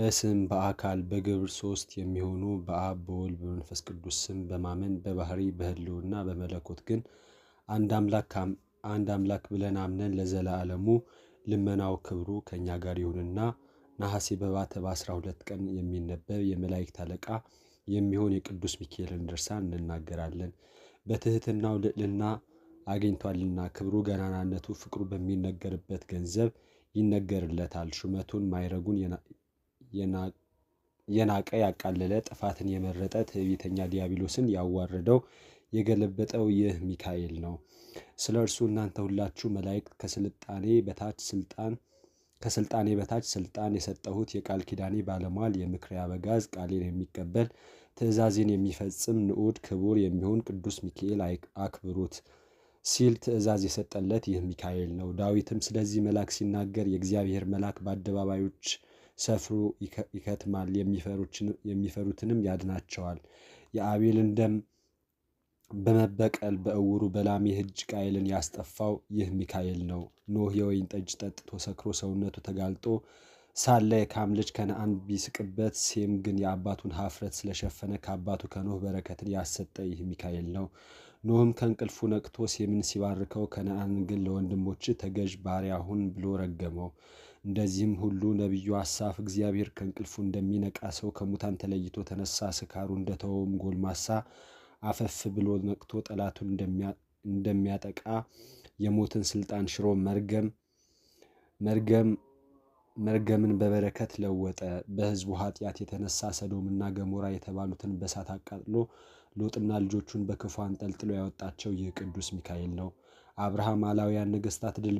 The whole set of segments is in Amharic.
በስም በአካል በግብር ሶስት የሚሆኑ በአብ በወልድ በመንፈስ ቅዱስ ስም በማመን በባህሪ በህልውና በመለኮት ግን አንድ አምላክ ብለን አምነን ለዘላለሙ ልመናው ክብሩ ከእኛ ጋር ይሁንና ነሐሴ በባተ 12 ቀን የሚነበብ የመላእክት አለቃ የሚሆን የቅዱስ ሚካኤልን ድርሳን እንናገራለን። በትህትናው ልዕልና አግኝቷልና ክብሩ ገናናነቱ ፍቅሩ በሚነገርበት ገንዘብ ይነገርለታል። ሹመቱን ማይረጉን የናቀ ያቃለለ ጥፋትን የመረጠ ትዕቢተኛ ዲያብሎስን ያዋረደው የገለበጠው ይህ ሚካኤል ነው። ስለ እርሱ እናንተ ሁላችሁ መላእክት ከስልጣኔ በታች ስልጣን ከስልጣኔ በታች ስልጣን የሰጠሁት የቃል ኪዳኔ ባለሟል የምክር አበጋዝ ቃሌን የሚቀበል ትእዛዜን የሚፈጽም ንዑድ ክቡር የሚሆን ቅዱስ ሚካኤል አክብሩት ሲል ትእዛዝ የሰጠለት ይህ ሚካኤል ነው። ዳዊትም ስለዚህ መልአክ ሲናገር የእግዚአብሔር መልአክ በአደባባዮች ሰፍሮ ይከትማል፣ የሚፈሩትንም ያድናቸዋል። የአቤልን ደም በመበቀል በእውሩ በላሜ እጅ ቃየልን ያስጠፋው ይህ ሚካኤል ነው። ኖህ የወይን ጠጅ ጠጥቶ ሰክሮ ሰውነቱ ተጋልጦ ሳለ የካም ልጅ ከነአን ቢስቅበት፣ ሴም ግን የአባቱን ሀፍረት ስለሸፈነ ከአባቱ ከኖህ በረከትን ያሰጠ ይህ ሚካኤል ነው። ኖህም ከእንቅልፉ ነቅቶ ሴምን ሲባርከው፣ ከነአን ግን ለወንድሞች ተገዥ ባሪያ ሁን ብሎ ረገመው። እንደዚህም ሁሉ ነቢዩ አሳፍ እግዚአብሔር ከእንቅልፉ እንደሚነቃ ሰው ከሙታን ተለይቶ ተነሳ። ስካሩ እንደተወውም ጎልማሳ አፈፍ ብሎ ነቅቶ ጠላቱን እንደሚያጠቃ የሞትን ስልጣን ሽሮ መርገም መርገም መርገምን በበረከት ለወጠ። በሕዝቡ ኃጢአት የተነሳ ሰዶምና ገሞራ የተባሉትን በሳት አቃጥሎ ሎጥና ልጆቹን በክፉ አንጠልጥሎ ያወጣቸው ይህ ቅዱስ ሚካኤል ነው። አብርሃም አላውያን ነገስታት ድል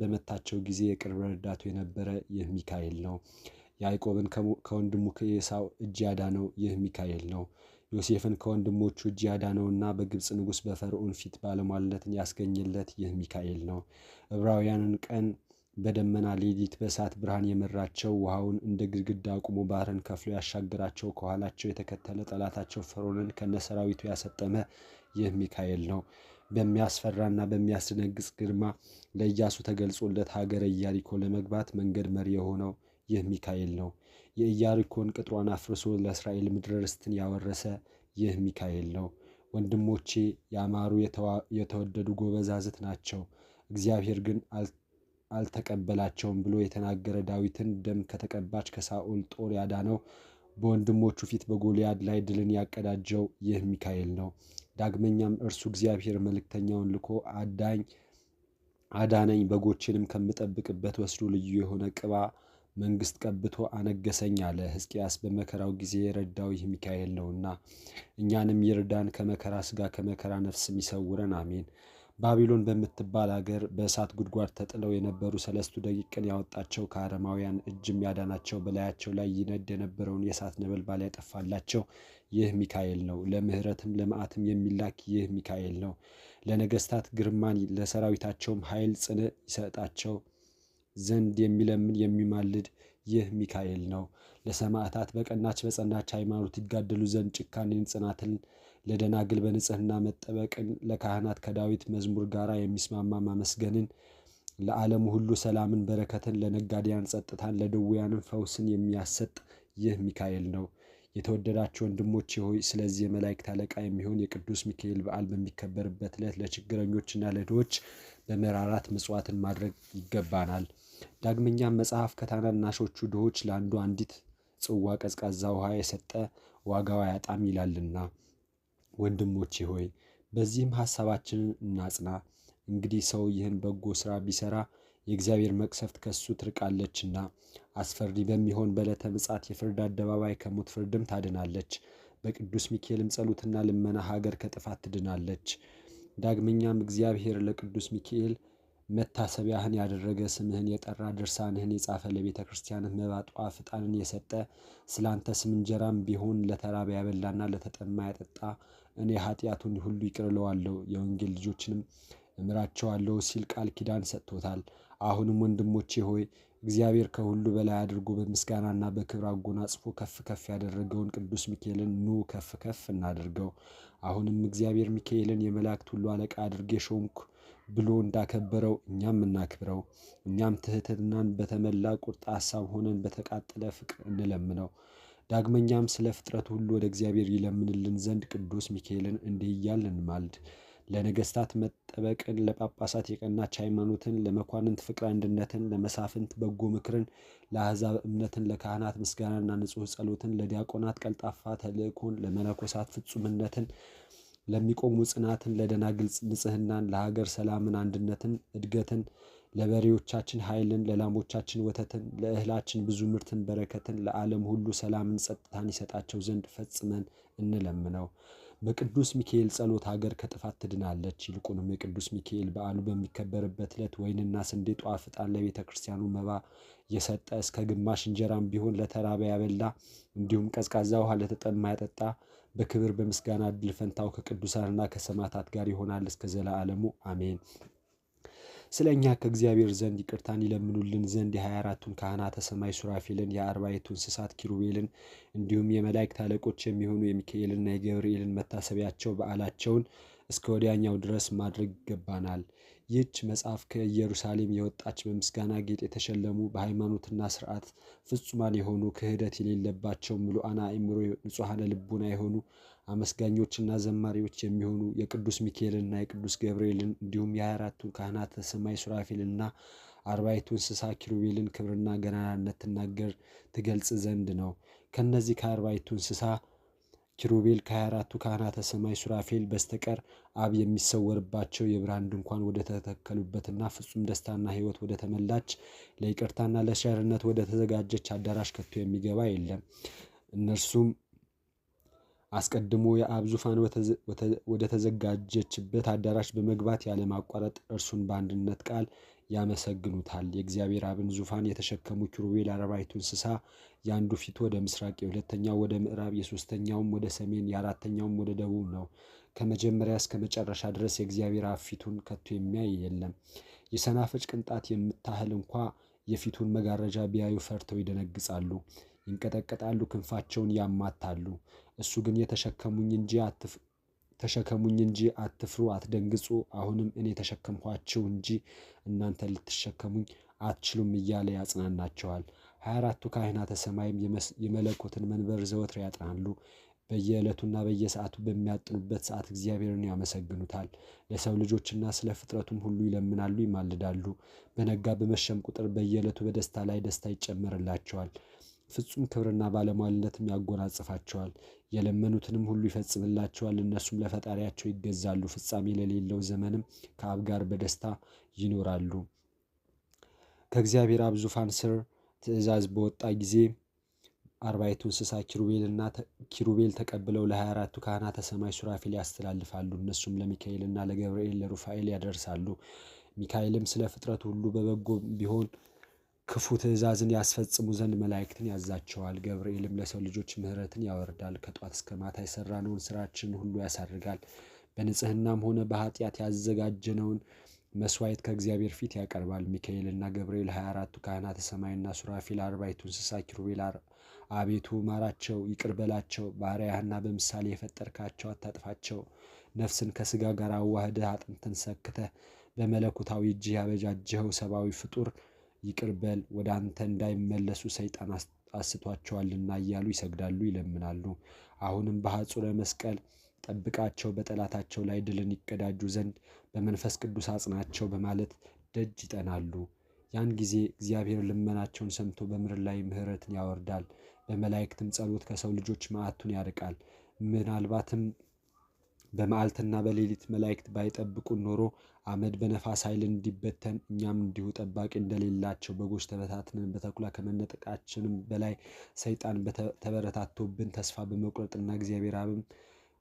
በመታቸው ጊዜ የቅርብ ረዳቱ የነበረ ይህ ሚካኤል ነው። ያዕቆብን ከወንድሙ ከኤሳው እጅ ያዳነው ይህ ሚካኤል ነው። ዮሴፍን ከወንድሞቹ እጅ ያዳነውና በግብፅ ንጉሥ በፈርዖን ፊት ባለሟልነትን ያስገኝለት ይህ ሚካኤል ነው። ዕብራውያንን ቀን በደመና ሌሊት በእሳት ብርሃን የመራቸው ውሃውን እንደ ግድግዳ አቁሞ ባህርን ከፍሎ ያሻገራቸው ከኋላቸው የተከተለ ጠላታቸው ፈርዖንን ከነሰራዊቱ ያሰጠመ ይህ ሚካኤል ነው። በሚያስፈራና በሚያስደነግጽ ግርማ ለኢያሱ ተገልጾለት ሀገረ ኢያሪኮ ለመግባት መንገድ መሪ የሆነው ይህ ሚካኤል ነው። የኢያሪኮን ቅጥሯን አፍርሶ ለእስራኤል ምድረ ርስትን ያወረሰ ይህ ሚካኤል ነው። ወንድሞቼ ያማሩ የተወደዱ ጎበዛዝት ናቸው፣ እግዚአብሔር ግን አልተቀበላቸውም ብሎ የተናገረ ዳዊትን ደም ከተቀባች ከሳኦል ጦር ያዳነው በወንድሞቹ ፊት በጎልያድ ላይ ድልን ያቀዳጀው ይህ ሚካኤል ነው። ዳግመኛም እርሱ እግዚአብሔር መልእክተኛውን ልኮ አዳኝ አዳነኝ በጎችንም ከምጠብቅበት ወስዶ ልዩ የሆነ ቅባ መንግስት ቀብቶ አነገሰኝ አለ። ሕዝቅያስ በመከራው ጊዜ የረዳው ይህ ሚካኤል ነውና እኛንም ይርዳን፣ ከመከራ ስጋ ከመከራ ነፍስም ይሰውረን፣ አሜን። ባቢሎን በምትባል አገር በእሳት ጉድጓድ ተጥለው የነበሩ ሰለስቱ ደቂቅ ያወጣቸው ከአረማውያን እጅም ያዳናቸው በላያቸው ላይ ይነድ የነበረውን የእሳት ነበልባል ያጠፋላቸው ይህ ሚካኤል ነው። ለምሕረትም ለመዓትም የሚላክ ይህ ሚካኤል ነው። ለነገስታት ግርማን ለሰራዊታቸውም ኃይል ጽን ይሰጣቸው ዘንድ የሚለምን የሚማልድ ይህ ሚካኤል ነው። ለሰማዕታት በቀናች በጸናች ሃይማኖት ይጋደሉ ዘንድ ጭካኔን፣ ጽናትን፣ ለደናግል በንጽህና መጠበቅን፣ ለካህናት ከዳዊት መዝሙር ጋር የሚስማማ ማመስገንን፣ ለዓለም ሁሉ ሰላምን፣ በረከትን፣ ለነጋዴያን ጸጥታን፣ ለድውያንም ፈውስን የሚያሰጥ ይህ ሚካኤል ነው። የተወደዳችሁ ወንድሞቼ ሆይ ስለዚህ የመላእክት አለቃ የሚሆን የቅዱስ ሚካኤል በዓል በሚከበርበት ዕለት ለችግረኞችና ለድሆች በመራራት ምጽዋትን ማድረግ ይገባናል። ዳግመኛም መጽሐፍ ከታናናሾቹ ድሆች ለአንዱ አንዲት ጽዋ ቀዝቃዛ ውሃ የሰጠ ዋጋው አያጣም ይላልና፣ ወንድሞቼ ሆይ በዚህም ሐሳባችንን እናጽና። እንግዲህ ሰው ይህን በጎ ሥራ ቢሠራ የእግዚአብሔር መቅሰፍት ከሱ ትርቃለችና አስፈሪ በሚሆን በዕለተ ምጻት የፍርድ አደባባይ ከሞት ፍርድም ታድናለች። በቅዱስ ሚካኤልም ጸሎትና ልመና ሀገር ከጥፋት ትድናለች። ዳግመኛም እግዚአብሔር ለቅዱስ ሚካኤል መታሰቢያህን ያደረገ ስምህን የጠራ ድርሳንህን የጻፈ ለቤተ ክርስቲያንህ መባጧ ፍጣንን የሰጠ ስላንተ ስም እንጀራም ቢሆን ለተራበ ያበላና ለተጠማ ያጠጣ እኔ ኃጢአቱን ሁሉ ይቅርለዋለሁ የወንጌል ልጆችንም እምራቸዋለሁ ሲል ቃል ኪዳን ሰጥቶታል። አሁንም ወንድሞቼ ሆይ እግዚአብሔር ከሁሉ በላይ አድርጎ በምስጋናና በክብር አጎናጽፎ ከፍ ከፍ ያደረገውን ቅዱስ ሚካኤልን ኑ ከፍ ከፍ እናድርገው። አሁንም እግዚአብሔር ሚካኤልን የመላእክት ሁሉ አለቃ አድርጌ ሾምኩ ብሎ እንዳከበረው እኛም እናክብረው። እኛም ትህትናን በተመላ ቁርጥ ሀሳብ ሆነን በተቃጠለ ፍቅር እንለምነው። ዳግመኛም ስለ ፍጥረት ሁሉ ወደ እግዚአብሔር ይለምንልን ዘንድ ቅዱስ ሚካኤልን እንዲህ እያልን ማልድ ለነገስታት መጠበቅን፣ ለጳጳሳት የቀናች ሃይማኖትን፣ ለመኳንንት ፍቅር አንድነትን፣ ለመሳፍንት በጎ ምክርን፣ ለአሕዛብ እምነትን፣ ለካህናት ምስጋናና ንጹሕ ጸሎትን፣ ለዲያቆናት ቀልጣፋ ተልእኮን፣ ለመነኮሳት ፍጹምነትን፣ ለሚቆሙ ጽናትን፣ ለደናግል ንጽህናን ለሀገር ሰላምን፣ አንድነትን፣ እድገትን፣ ለበሬዎቻችን ኃይልን፣ ለላሞቻችን ወተትን፣ ለእህላችን ብዙ ምርትን፣ በረከትን፣ ለዓለም ሁሉ ሰላምን፣ ጸጥታን ይሰጣቸው ዘንድ ፈጽመን እንለምነው። በቅዱስ ሚካኤል ጸሎት ሀገር ከጥፋት ትድናለች። ይልቁንም የቅዱስ ሚካኤል በዓሉ በሚከበርበት ዕለት ወይንና ስንዴ ጧፍ ዕጣን ለቤተ ክርስቲያኑ መባ የሰጠ እስከ ግማሽ እንጀራም ቢሆን ለተራበ ያበላ እንዲሁም ቀዝቃዛ ውሃ ለተጠማ ያጠጣ በክብር በምስጋና እድል ፈንታው ከቅዱሳንና ከሰማዕታት ጋር ይሆናል እስከ ዘለዓለሙ አሜን። ስለ እኛ ከእግዚአብሔር ዘንድ ይቅርታን ይለምኑልን ዘንድ የሀያ አራቱን ካህናተ ሰማይ ሱራፌልን የአርባይቱ እንስሳት ኪሩቤልን እንዲሁም የመላእክት አለቆች የሚሆኑ የሚካኤልና የገብርኤልን መታሰቢያቸው በዓላቸውን እስከ ወዲያኛው ድረስ ማድረግ ይገባናል። ይህች መጽሐፍ ከኢየሩሳሌም የወጣች በምስጋና ጌጥ የተሸለሙ በሃይማኖትና ስርዓት ፍጹማን የሆኑ ክህደት የሌለባቸው ምሉዓና አእምሮ ንጹሐነ ልቡና የሆኑ አመስጋኞችና ዘማሪዎች የሚሆኑ የቅዱስ ሚካኤልና የቅዱስ ገብርኤልን እንዲሁም የሀያ አራቱን ካህናተ ሰማይ ሱራፊልና አርባይቱ እንስሳ ኪሩቤልን ክብርና ገናናነት ትናገር ትገልጽ ዘንድ ነው። ከነዚህ ከአርባይቱ እንስሳ ኪሩቤል ከ24ቱ ካህናተ ሰማይ ሱራፌል በስተቀር አብ የሚሰወርባቸው የብርሃን ድንኳን ወደ ተተከሉበትና ፍጹም ደስታና ሕይወት ወደ ተመላች ለይቅርታና ለሸርነት ወደ ተዘጋጀች አዳራሽ ከቶ የሚገባ የለም። እነርሱም አስቀድሞ የአብ ዙፋን ወደ ተዘጋጀችበት አዳራሽ በመግባት ያለማቋረጥ እርሱን በአንድነት ቃል ያመሰግኑታል። የእግዚአብሔር አብን ዙፋን የተሸከሙ ኪሩቤል አራዊቱ እንስሳ የአንዱ ፊት ወደ ምስራቅ፣ የሁለተኛው ወደ ምዕራብ፣ የሶስተኛውም ወደ ሰሜን፣ የአራተኛውም ወደ ደቡብ ነው። ከመጀመሪያ እስከ መጨረሻ ድረስ የእግዚአብሔር አብ ፊቱን ከቶ የሚያይ የለም። የሰናፍጭ ቅንጣት የምታህል እንኳ የፊቱን መጋረጃ ቢያዩ ፈርተው ይደነግጻሉ፣ ይንቀጠቀጣሉ፣ ክንፋቸውን ያማታሉ። እሱ ግን የተሸከሙኝ እንጂ ተሸከሙኝ እንጂ አትፍሩ፣ አትደንግጹ፣ አሁንም እኔ ተሸከምኳችሁ እንጂ እናንተ ልትሸከሙኝ አትችሉም እያለ ያጽናናቸዋል። ሀያ አራቱ ካህናተ ሰማይም የመለኮትን መንበር ዘወትር ያጥናሉ። በየዕለቱና በየሰዓቱ በሚያጥኑበት ሰዓት እግዚአብሔርን ያመሰግኑታል። ለሰው ልጆችና ስለ ፍጥረቱም ሁሉ ይለምናሉ፣ ይማልዳሉ። በነጋ በመሸም ቁጥር በየዕለቱ በደስታ ላይ ደስታ ይጨመርላቸዋል። ፍጹም ክብርና ባለሟልነትም ያጎናጽፋቸዋል። የለመኑትንም ሁሉ ይፈጽምላቸዋል። እነሱም ለፈጣሪያቸው ይገዛሉ። ፍጻሜ ለሌለው ዘመንም ከአብ ጋር በደስታ ይኖራሉ። ከእግዚአብሔር አብ ዙፋን ስር ትእዛዝ በወጣ ጊዜ አርባይቱ እንስሳ ኪሩቤልና ኪሩቤል ተቀብለው ለሀያ አራቱ ካህናተ ሰማይ ሱራፊል ያስተላልፋሉ። እነሱም ለሚካኤልና ለገብርኤል ለሩፋኤል ያደርሳሉ። ሚካኤልም ስለ ፍጥረት ሁሉ በበጎ ቢሆን ክፉ ትእዛዝን ያስፈጽሙ ዘንድ መላእክትን ያዛቸዋል። ገብርኤልም ለሰው ልጆች ምሕረትን ያወርዳል። ከጧት እስከ ማታ የሰራነውን ስራችን ሁሉ ያሳርጋል። በንጽህናም ሆነ በኃጢአት ያዘጋጀነውን መስዋዕት ከእግዚአብሔር ፊት ያቀርባል። ሚካኤልና ገብርኤል ሀያ አራቱ ካህናተ ሰማይና ሱራፊል አርባይቱ እንስሳ ኪሩቤል አቤቱ ማራቸው፣ ይቅር በላቸው፣ ባሪያህና በምሳሌ የፈጠርካቸው አታጥፋቸው። ነፍስን ከስጋ ጋር አዋህደህ አጥንትን ሰክተህ በመለኮታዊ እጅህ ያበጃጀኸው ሰብአዊ ፍጡር ይቅር በል ወደ አንተ እንዳይመለሱ ሰይጣን አስቷቸዋልና እያሉ ይሰግዳሉ፣ ይለምናሉ። አሁንም በሐጹረ መስቀል ጠብቃቸው፣ በጠላታቸው ላይ ድልን ይቀዳጁ ዘንድ በመንፈስ ቅዱስ አጽናቸው በማለት ደጅ ይጠናሉ። ያን ጊዜ እግዚአብሔር ልመናቸውን ሰምቶ በምድር ላይ ምሕረትን ያወርዳል። በመላእክትም ጸሎት ከሰው ልጆች መዓቱን ያርቃል። ምናልባትም በመዓልትና በሌሊት መላእክት ባይጠብቁን ኖሮ አመድ በነፋስ ኃይል እንዲበተን እኛም እንዲሁ ጠባቂ እንደሌላቸው በጎች ተበታትነን በተኩላ ከመነጠቃችንም በላይ ሰይጣን ተበረታቶብን ተስፋ በመቁረጥና እግዚአብሔር አብም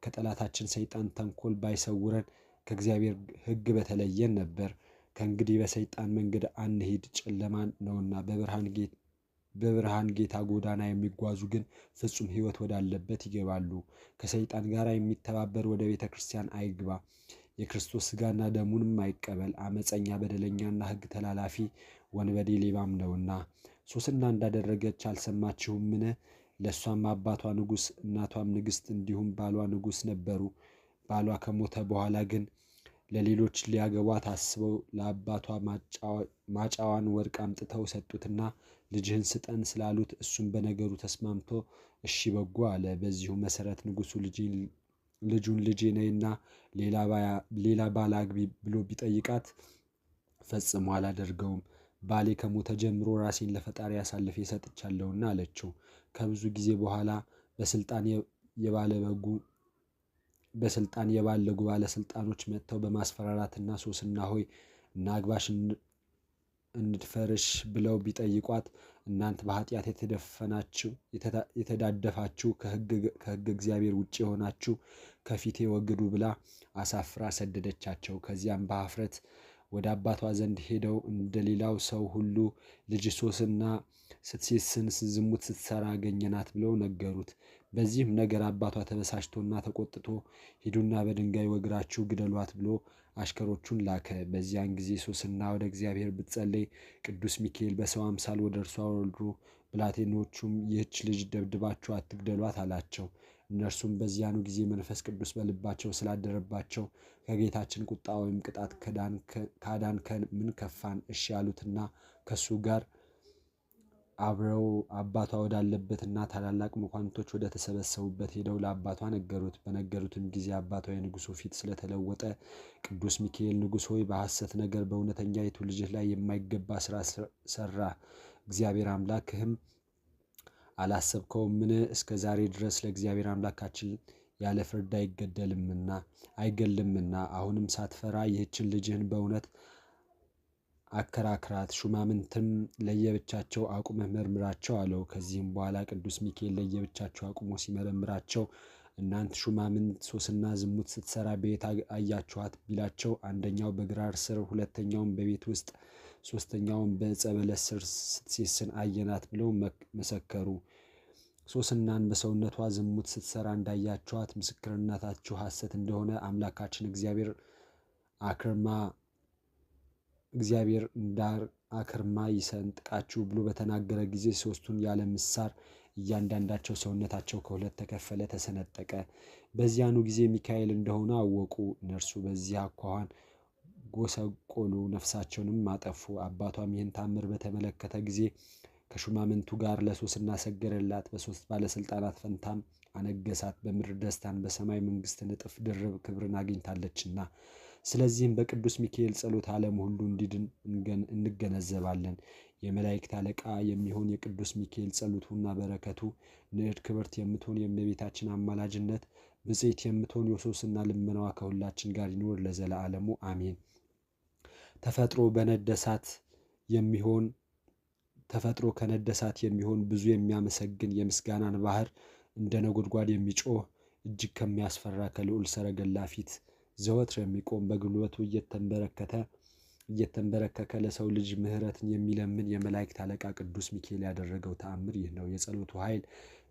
ከጠላታችን ሰይጣን ተንኮል ባይሰውረን ከእግዚአብሔር ሕግ በተለየን ነበር። ከእንግዲህ በሰይጣን መንገድ አንሂድ፣ ጨለማን ነውና በብርሃን ጌታ ጎዳና የሚጓዙ ግን ፍጹም ሕይወት ወዳለበት ይገባሉ። ከሰይጣን ጋር የሚተባበር ወደ ቤተ ክርስቲያን አይግባ። የክርስቶስ ሥጋና ደሙን የማይቀበል አመፀኛ፣ በደለኛና ሕግ ተላላፊ ወንበዴ ሌባም ነውና ሶስና እንዳደረገች አልሰማችሁምን? ለእሷም አባቷ ንጉሥ እናቷም ንግሥት እንዲሁም ባሏ ንጉሥ ነበሩ። ባሏ ከሞተ በኋላ ግን ለሌሎች ሊያገቧ ታስበው ለአባቷ ማጫዋን ወርቅ አምጥተው ሰጡትና ልጅህን ስጠን ስላሉት እሱም በነገሩ ተስማምቶ እሺ በጎ አለ። በዚሁ መሰረት ንጉሱ ልጅን ልጁን ልጄ ነይና ሌላ ባል አግቢ ብሎ ቢጠይቃት ፈጽሞ አላደርገውም፣ ባሌ ከሞተ ጀምሮ ራሴን ለፈጣሪ አሳልፌ ሰጥቻለሁና አለችው። ከብዙ ጊዜ በኋላ በስልጣን የባለጉ ባለስልጣኖች መጥተው በማስፈራራትና ሶስና ሆይ እናግባሽ እንድፈርሽ ብለው ቢጠይቋት እናንተ በኃጢአት የተደፈናችሁ የተዳደፋችሁ ከሕግ እግዚአብሔር ውጭ የሆናችሁ ከፊቴ ወግዱ ብላ አሳፍራ ሰደደቻቸው። ከዚያም በአፍረት ወደ አባቷ ዘንድ ሄደው እንደሌላው ሰው ሁሉ ልጅ ሶስና ስትሴስን ዝሙት ስትሰራ አገኘናት ብለው ነገሩት። በዚህም ነገር አባቷ ተበሳጭቶና ተቆጥቶ ሂዱና በድንጋይ ወግራችሁ ግደሏት ብሎ አሽከሮቹን ላከ። በዚያን ጊዜ ሶስና ወደ እግዚአብሔር ብትጸልይ ቅዱስ ሚካኤል በሰው አምሳል ወደ እርሷ ወርዶ ብላቴኖቹም ይህች ልጅ ደብድባችሁ አትግደሏት አላቸው። እነርሱም በዚያኑ ጊዜ መንፈስ ቅዱስ በልባቸው ስላደረባቸው ከጌታችን ቁጣ ወይም ቅጣት ካዳንከን ምን ከፋን? እሺ ያሉትና ከእሱ ጋር አብረው አባቷ ወዳለበት እና ታላላቅ መኳንቶች ወደ ተሰበሰቡበት ሄደው ለአባቷ ነገሩት። በነገሩትም ጊዜ አባቷ የንጉሱ ፊት ስለተለወጠ ቅዱስ ሚካኤል ንጉሥ ሆይ በሐሰት ነገር በእውነተኛ ይቱ ልጅህ ላይ የማይገባ ስራ ሰራ፣ እግዚአብሔር አምላክህም ምን እስከ ዛሬ ድረስ ለእግዚአብሔር አምላካችን ያለ ፍርድ አይገደልምና አይገልምና አሁንም ሳትፈራ ይህችን ልጅህን በእውነት አከራክራት፣ ሹማምንትም ለየብቻቸው አቁመህ መርምራቸው አለው። ከዚህም በኋላ ቅዱስ ሚካኤል ለየብቻቸው አቁሞ ሲመረምራቸው እናንት ሹማምንት ሶስና ዝሙት ስትሰራ ቤት አያችኋት ቢላቸው፣ አንደኛው በግራር ስር፣ ሁለተኛውም በቤት ውስጥ፣ ሶስተኛውም በዕፀ ስር ስትሴስን አየናት ብለው መሰከሩ። ሶስናን በሰውነቷ ዝሙት ስትሰራ እንዳያችኋት ምስክርነታችሁ ሐሰት እንደሆነ አምላካችን እግዚአብሔር አክርማ እግዚአብሔር ዳር አክርማ ይሰንጥቃችሁ ብሎ በተናገረ ጊዜ ሶስቱን ያለ ምሳር እያንዳንዳቸው ሰውነታቸው ከሁለት ተከፈለ፣ ተሰነጠቀ። በዚያኑ ጊዜ ሚካኤል እንደሆነ አወቁ። እነርሱ በዚህ አኳኋን ጎሰቆሉ፣ ነፍሳቸውንም አጠፉ። አባቷም ይህን ታምር በተመለከተ ጊዜ ከሹማምንቱ ጋር ለሶስና እናሰገረላት በሶስት ባለስልጣናት ፈንታም አነገሳት። በምድር ደስታን በሰማይ መንግስትን እጥፍ ድርብ ክብርን አግኝታለችና ስለዚህም በቅዱስ ሚካኤል ጸሎት ዓለም ሁሉ እንዲድን እንገነዘባለን። የመላእክት አለቃ የሚሆን የቅዱስ ሚካኤል ጸሎቱና በረከቱ ንዕድ ክብርት የምትሆን የእመቤታችን አማላጅነት ብጽዕት የምትሆን የሶስና ልመናዋ ከሁላችን ጋር ይኖር ለዘለዓለሙ አሜን። ተፈጥሮ በነደሳት የሚሆን ተፈጥሮ ከነደሳት የሚሆን ብዙ የሚያመሰግን የምስጋናን ባህር እንደ ነጎድጓድ የሚጮህ እጅግ ከሚያስፈራ ከልዑል ሰረገላ ፊት ዘወትር የሚቆም በጉልበቱ እየተንበረከተ እየተንበረከከ ለሰው ልጅ ምሕረትን የሚለምን የመላእክት አለቃ ቅዱስ ሚካኤል ያደረገው ተአምር ይህ ነው። የጸሎቱ ኃይል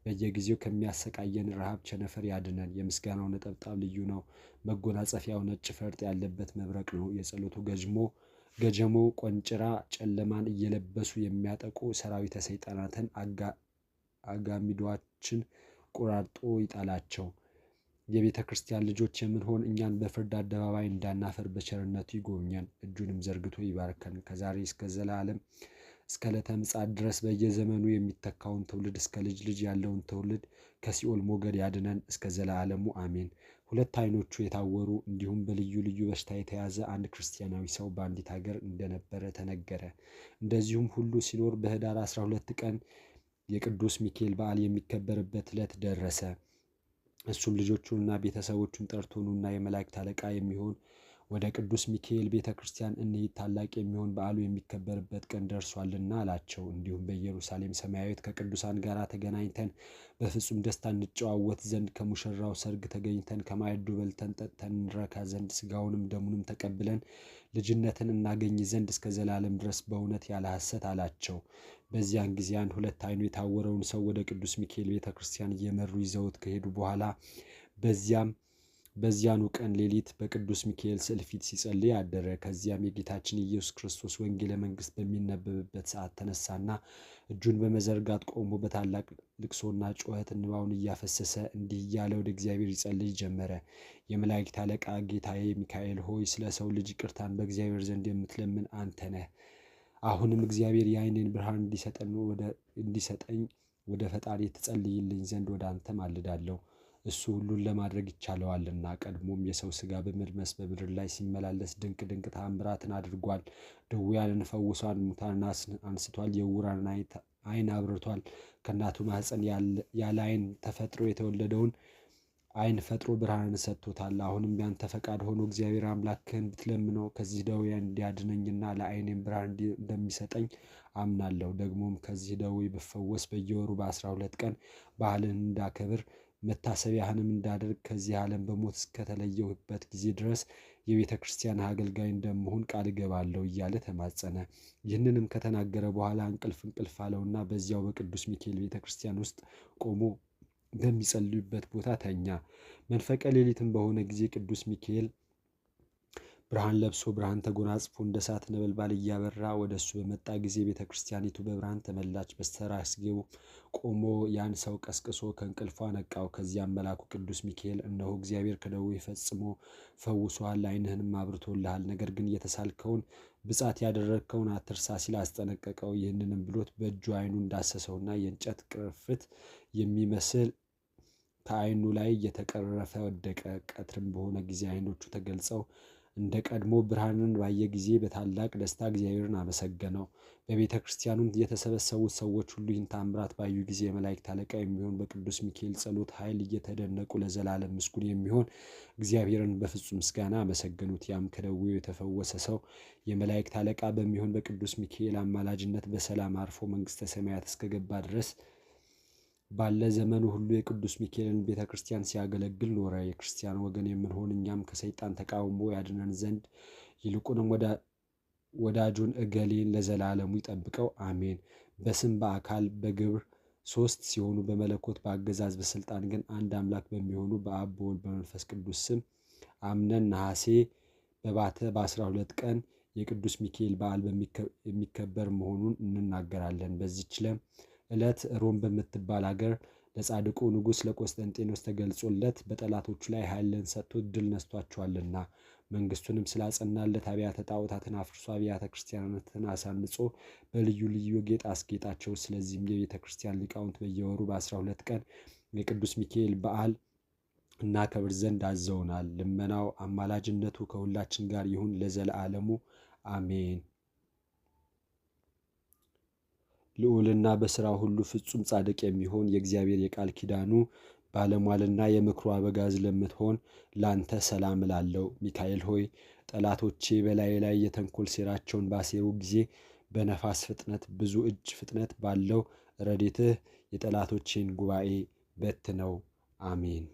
በየጊዜው ከሚያሰቃየን ረሃብ ቸነፈር ያድነን። የምስጋናው ነጠብጣብ ልዩ ነው። መጎናጸፊያው ነጭ ፈርጥ ያለበት መብረቅ ነው። የጸሎቱ ገጅሞ ገጀሞ ቆንጭራ ጨለማን እየለበሱ የሚያጠቁ ሰራዊተ ሰይጣናትን አጋሚዷችን ቁራርጦ ይጣላቸው። የቤተ ክርስቲያን ልጆች የምንሆን እኛን በፍርድ አደባባይ እንዳናፈር በቸርነቱ ይጎብኘን፣ እጁንም ዘርግቶ ይባርከን። ከዛሬ እስከ ዘላለም እስከ ዕለተ ምጽአት ድረስ በየዘመኑ የሚተካውን ትውልድ እስከ ልጅ ልጅ ያለውን ትውልድ ከሲኦል ሞገድ ያድነን እስከ ዘላለሙ አሜን። ሁለት ዓይኖቹ የታወሩ እንዲሁም በልዩ ልዩ በሽታ የተያዘ አንድ ክርስቲያናዊ ሰው በአንዲት ሀገር እንደነበረ ተነገረ። እንደዚሁም ሁሉ ሲኖር በህዳር 12 ቀን የቅዱስ ሚካኤል በዓል የሚከበርበት ዕለት ደረሰ። እሱም ልጆቹንና ቤተሰቦቹን ጠርቶ ኑና የመላእክት አለቃ የሚሆን ወደ ቅዱስ ሚካኤል ቤተ ክርስቲያን እንሂድ፣ ታላቅ የሚሆን በዓሉ የሚከበርበት ቀን ደርሷልና አላቸው። እንዲሁም በኢየሩሳሌም ሰማያዊት ከቅዱሳን ጋር ተገናኝተን በፍጹም ደስታ እንጨዋወት ዘንድ ከሙሽራው ሰርግ ተገኝተን ከማዕዱ በልተን ጠጥተን እንረካ ዘንድ ስጋውንም ደሙንም ተቀብለን ልጅነትን እናገኝ ዘንድ እስከ ዘላለም ድረስ በእውነት ያለ ሐሰት አላቸው። በዚያን ጊዜ አንድ ሁለት ዓይኑ የታወረውን ሰው ወደ ቅዱስ ሚካኤል ቤተ ክርስቲያን እየመሩ ይዘውት ከሄዱ በኋላ በዚያም በዚያኑ ቀን ሌሊት በቅዱስ ሚካኤል ስዕል ፊት ሲጸልይ አደረ። ከዚያም የጌታችን የኢየሱስ ክርስቶስ ወንጌለ መንግሥት በሚነበብበት ሰዓት ተነሳና እጁን በመዘርጋት ቆሞ በታላቅ ልቅሶና ጩኸት እንባውን እያፈሰሰ እንዲህ እያለ ወደ እግዚአብሔር ይጸልይ ጀመረ። የመላእክት አለቃ ጌታዬ ሚካኤል ሆይ ስለ ሰው ልጅ ቅርታን በእግዚአብሔር ዘንድ የምትለምን አንተ ነህ። አሁንም እግዚአብሔር የዓይኔን ብርሃን እንዲሰጠኝ ወደ ፈጣሪ ትጸልይልኝ ዘንድ ወደ አንተ ማልዳለሁ። እሱ ሁሉን ለማድረግ ይቻለዋልና። ቀድሞም የሰው ስጋ በመድመስ በምድር ላይ ሲመላለስ ድንቅ ድንቅ ታምራትን አድርጓል። ድውያንን ፈውሷል። ሙታንን አንስቷል። የዕውራንን ዓይን አብርቷል። ከእናቱ ማህፀን ያለ ዓይን ተፈጥሮ የተወለደውን ዓይን ፈጥሮ ብርሃንን ሰጥቶታል። አሁንም ያንተ ፈቃድ ሆኖ እግዚአብሔር አምላክህን ብትለምነው ከዚህ ደዌ እንዲያድነኝና ለዓይኔም ብርሃን እንደሚሰጠኝ አምናለሁ። ደግሞም ከዚህ ደዌ ብፈወስ በየወሩ በአስራ ሁለት ቀን ባህልን እንዳከብር መታሰቢያህንም እንዳደርግ ከዚህ ዓለም በሞት እስከተለየሁበት ጊዜ ድረስ የቤተ ክርስቲያን አገልጋይ እንደምሆን ቃል እገባለሁ እያለ ተማጸነ። ይህንንም ከተናገረ በኋላ እንቅልፍ እንቅልፍ አለውና በዚያው በቅዱስ ሚካኤል ቤተ ክርስቲያን ውስጥ ቆሞ በሚጸልዩበት ቦታ ተኛ። መንፈቀ ሌሊትም በሆነ ጊዜ ቅዱስ ሚካኤል ብርሃን ለብሶ ብርሃን ተጎናጽፎ እንደ እሳት ነበልባል እያበራ ወደ እሱ በመጣ ጊዜ ቤተ ክርስቲያኒቱ በብርሃን ተመላች። በስተራስጌው ቆሞ ያን ሰው ቀስቅሶ ከእንቅልፏ ነቃው። ከዚያም መልአኩ ቅዱስ ሚካኤል እነሆ እግዚአብሔር ከደዌ ፈጽሞ ፈውሶሃል፣ ዓይንህንም አብርቶልሃል፣ ነገር ግን የተሳልከውን ብጻት ያደረግከውን አትርሳ ሲል አስጠነቀቀው። ይህንንም ብሎት በእጁ ዓይኑ እንዳሰሰውና የእንጨት ቅርፍት የሚመስል ከዓይኑ ላይ እየተቀረፈ ወደቀ። ቀትርም በሆነ ጊዜ ዓይኖቹ ተገልጸው እንደ ቀድሞ ብርሃንን ባየ ጊዜ በታላቅ ደስታ እግዚአብሔርን አመሰገነው። በቤተ ክርስቲያኑም የተሰበሰቡት ሰዎች ሁሉ ይህን ታምራት ባዩ ጊዜ የመላእክት አለቃ የሚሆን በቅዱስ ሚካኤል ጸሎት ኃይል እየተደነቁ ለዘላለም ምስጉን የሚሆን እግዚአብሔርን በፍጹም ምስጋና አመሰገኑት። ያም ከደዌው የተፈወሰ ሰው የመላእክት አለቃ በሚሆን በቅዱስ ሚካኤል አማላጅነት በሰላም አርፎ መንግሥተ ሰማያት እስከገባ ድረስ ባለ ዘመኑ ሁሉ የቅዱስ ሚካኤልን ቤተ ክርስቲያን ሲያገለግል ኖረ። የክርስቲያን ወገን የምንሆን እኛም ከሰይጣን ተቃውሞ ያድነን ዘንድ ይልቁንም ወዳጁን እገሌን ለዘላለሙ ይጠብቀው፣ አሜን። በስም በአካል በግብር ሶስት ሲሆኑ በመለኮት በአገዛዝ በስልጣን ግን አንድ አምላክ በሚሆኑ በአብ በወልድ በመንፈስ ቅዱስ ስም አምነን ነሐሴ በባተ በአስራ ሁለት ቀን የቅዱስ ሚካኤል በዓል የሚከበር መሆኑን እንናገራለን። በዚች ለም ዕለት ሮም በምትባል አገር ለጻድቁ ንጉሥ ለቆስጠንጤኖስ ተገልጾለት በጠላቶቹ ላይ ኃይልን ሰጥቶት ድል ነስቷቸዋልና መንግስቱንም ስላጸናለት አብያተ ጣዖታትን አፍርሶ አብያተ ክርስቲያናትን አሳንጾ በልዩ ልዩ ጌጥ አስጌጣቸው። ስለዚህም የቤተ ክርስቲያን ሊቃውንት በየወሩ በአስራ ሁለት ቀን የቅዱስ ሚካኤል በዓል እናከብር ዘንድ አዘውናል። ልመናው አማላጅነቱ ከሁላችን ጋር ይሁን ለዘለዓለሙ አሜን። ልዑልና በሥራ ሁሉ ፍጹም ጻድቅ የሚሆን የእግዚአብሔር የቃል ኪዳኑ ባለሟልና የምክሩ አበጋዝ ለምትሆን ላንተ ሰላም እላለሁ። ሚካኤል ሆይ ጠላቶቼ በላዬ ላይ የተንኮል ሴራቸውን ባሴሩ ጊዜ በነፋስ ፍጥነት ብዙ እጅ ፍጥነት ባለው ረዴትህ የጠላቶቼን ጉባኤ በትነው። አሜን።